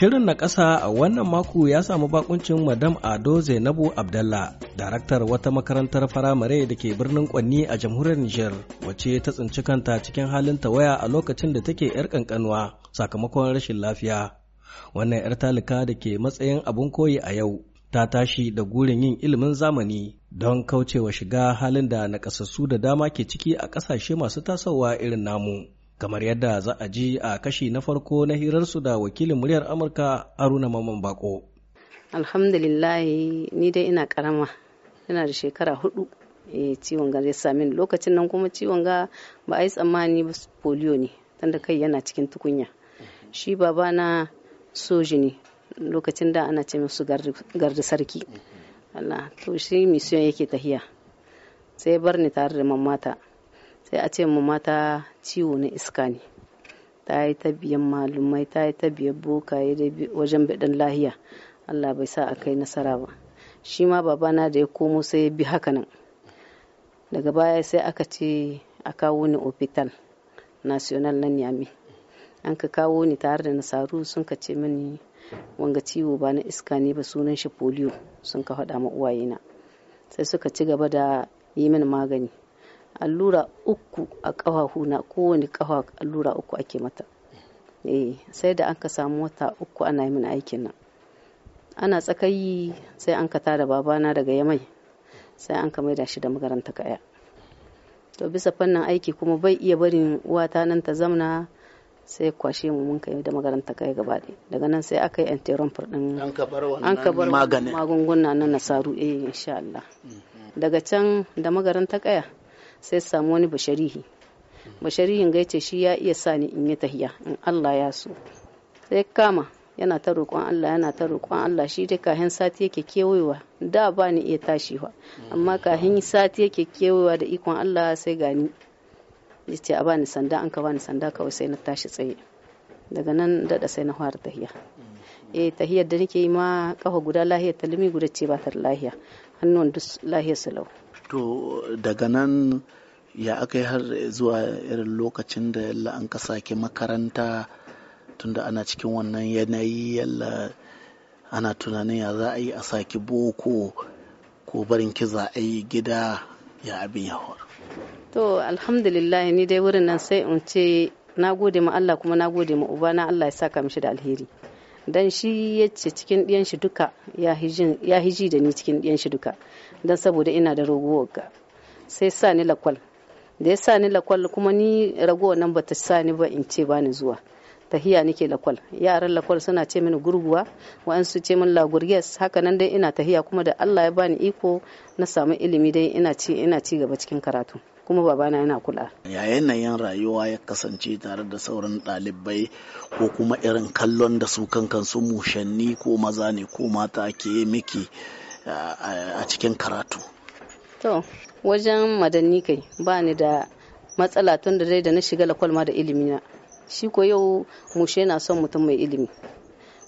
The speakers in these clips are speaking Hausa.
Shirin na ƙasa a wannan mako ya samu bakuncin Madam Ado Zainabu Abdallah, daraktar wata makarantar firamare da ke birnin Kwanni a jamhuriyar Nijar, wacce ta tsinci kanta cikin halin tawaya a lokacin da take 'yar ƙanƙanuwa sakamakon rashin lafiya. Wannan 'yar talika da ke matsayin abun koyi a yau, ta tashi da gurin yin ilimin zamani don kaucewa shiga halin da nakasassu da dama ke ciki a ƙasashe masu tasowa irin namu. kamar yadda za a ji a kashi na farko na hirarsu da wakilin muryar amurka haruna maman bako alhamdulillah ni dai ina karama ina da shekara hudu e, ciwon ga zai sami lokacin nan kuma ciwon ga ba a yi tsammani ba polio ne tanda kai yana cikin tukunya shi babana soji ne lokacin da ana ce musu garda sarki Allah to shi misiyon yake tahiya sai bar ni tare da mamata sai a ce mu mata ciwo na iska ne ta yi ta biyan malumai ta yi ta biyan dai wajen bedan lahiya allah bai sa a kai nasara ba shi ma babana da ya komo sai ya bi nan daga baya sai aka ce a kawo ni opital national na niyami an ka kawo ni tare da nasaru sun ka ce mini wanga ciwo ba na iska ne ba sunan shi polio sun ka faɗa ma uwayena sai suka ci gaba da yi min magani allura uku a na kowane kawa allura uku ake mata eh sai da anka samu wata uku ana yi mini aikin nan ana tsakayi sai an ka da babana daga yamai sai an ka maida shi da magaranta kaya to bisa fannin aiki kuma bai iya barin wata nan ta zamna sai kwashe mu mun kai da magaranta kai gaba daga nan sai aka yi interromper din an ka bar wannan magungunan na nasaru eh insha Allah mm-hmm. daga can da magaranta kaya sai samu wani basharihi basharihin gaice shi ya iya sa ni in yi tahiya in Allah ya so sai kama yana ta roƙon Allah yana ta roƙon Allah shi dai kahin sati yake kewayewa da ba ni iya tashi ba amma kahin sati yake kewayewa da ikon Allah sai gani yace a bani sanda an ka bani sanda kawai sai na tashi tsaye daga nan dada sai na fara tahiya eh tahiyar da nake yi ma kafa guda lahiyar talimi guda ce ba ta lahiya hannun duk lahiyar salau to daga nan ya aka yi har zuwa irin lokacin da yalla an ke makaranta tunda ana cikin wannan yanayi yalla ana tunanin ya za a yi a saki boko ko barin ki za a yi gida ya abin yawa to alhamdulillah ni dai wurin nan sai in ce na gode ma Allah kuma na gode ma uba na Allah ya saka mishi da alheri dan shi ya ce cikin ɗiyan shi duka ya hiji da ni cikin ɗiyan shi duka don saboda ina da ragowar ga sai sa ni lakwal da ya sa ni lakwal kuma ni ragowar nan ta sa ni ba in ce bani zuwa tahiya nake lakwal yaran lakwal suna ce mini gurguwa wa'ansu ce min lagurges haka nan dai ina tahiya kuma da Allah ya bani iko na samu ilimi dai ina ina ci gaba cikin karatu kuma babana yana kula yayin ya yin rayuwa ya kasance tare da sauran ɗalibai ko kuma irin kallon da su kankan su mushanni ko maza ne ko mata ke miki a cikin karatu to wajen madanni kai ba ni da matsala tun da dai da na shiga lakwalma da ilimi ilimina shi ko yau mushe na son mutum mai ilimi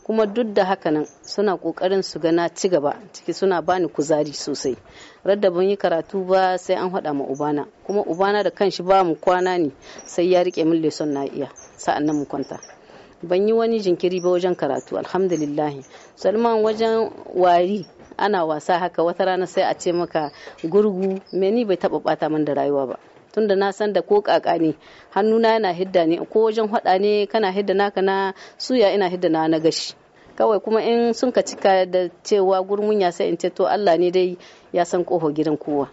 kuma duk da haka nan suna kokarin su gana ci gaba ciki suna bani kuzari sosai radda ban yi karatu ba sai an haɗa ma ubana kuma ubana da kanshi ba mu kwana ne sai ya rike min leson na iya sa'an nan mu kwanta ban yi wani jinkiri ba wajen karatu alhamdulillah salman wajen wari ana wasa haka wata rana sai a ce maka gurgu me ni bai taba bata min da rayuwa ba tunda na san da ko kaka ne hannuna yana hidda ne ko wajen hada ne kana hidda naka na suya ina hidda na na gashi kawai kuma in sun ka cika da cewa gurmun ya sai in ce to Allah ne dai ya san koho gidan kowa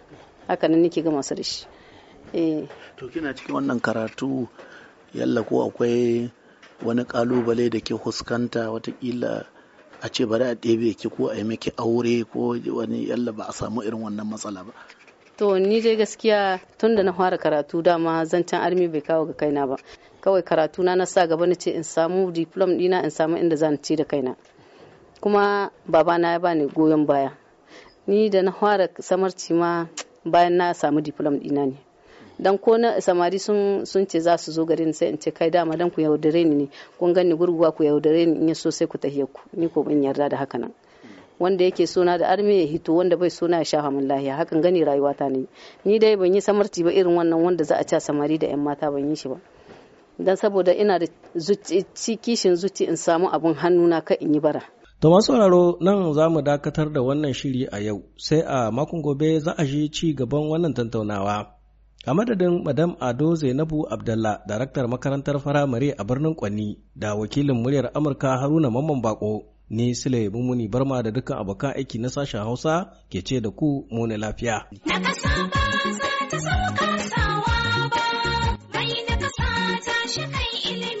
haka nan nake su da dashi eh. to kina cikin wannan karatu yalla ko akwai wani kalubale da ke huskanta watakila a ce bari a ɗebe ki ko a yi miki aure ko wani yalla ba a samu irin wannan matsala ba to ni dai gaskiya tun da na fara karatu dama zancen armi bai kawo ga kaina ba kawai karatu na sa gaba na ce in samu diplom dina in samu inda zan ci da kaina kuma babana ya bani goyon baya ni da na fara samarci ma bayan na samu diplom dina ne dan ko na samari sun ce za su zo garin sai in ce kai dama dan ku yaudare ni ne kun gani gurguwa ku yaudare ni in yaso sai ku tahiyar ku ni ko ban yarda da haka nan wanda yake sona da arme ya hito wanda bai sona ya sha hamun lahiya hakan gani rayuwata ne ni dai ban yi samarci ba irin wannan wanda za a ca samari da yan mata ban yi shi ba dan saboda ina da kishin zuci in samu abun na ka in yi bara To masu sauraro nan za mu dakatar da wannan shiri a yau sai a makon gobe za a ji ci gaban wannan tattaunawa. A madadin Madam Ado Zainabu Abdallah, daraktar makarantar firamare a birnin Kwanni da wakilin muryar Amurka Haruna Mamman Bako Ni Sule Mumuni Barma da dukkan abokan aiki na sashen Hausa ke ce da ku muni lafiya. Na kasa ba za ta samu kasawa ba, bai na kasa kai ilimi.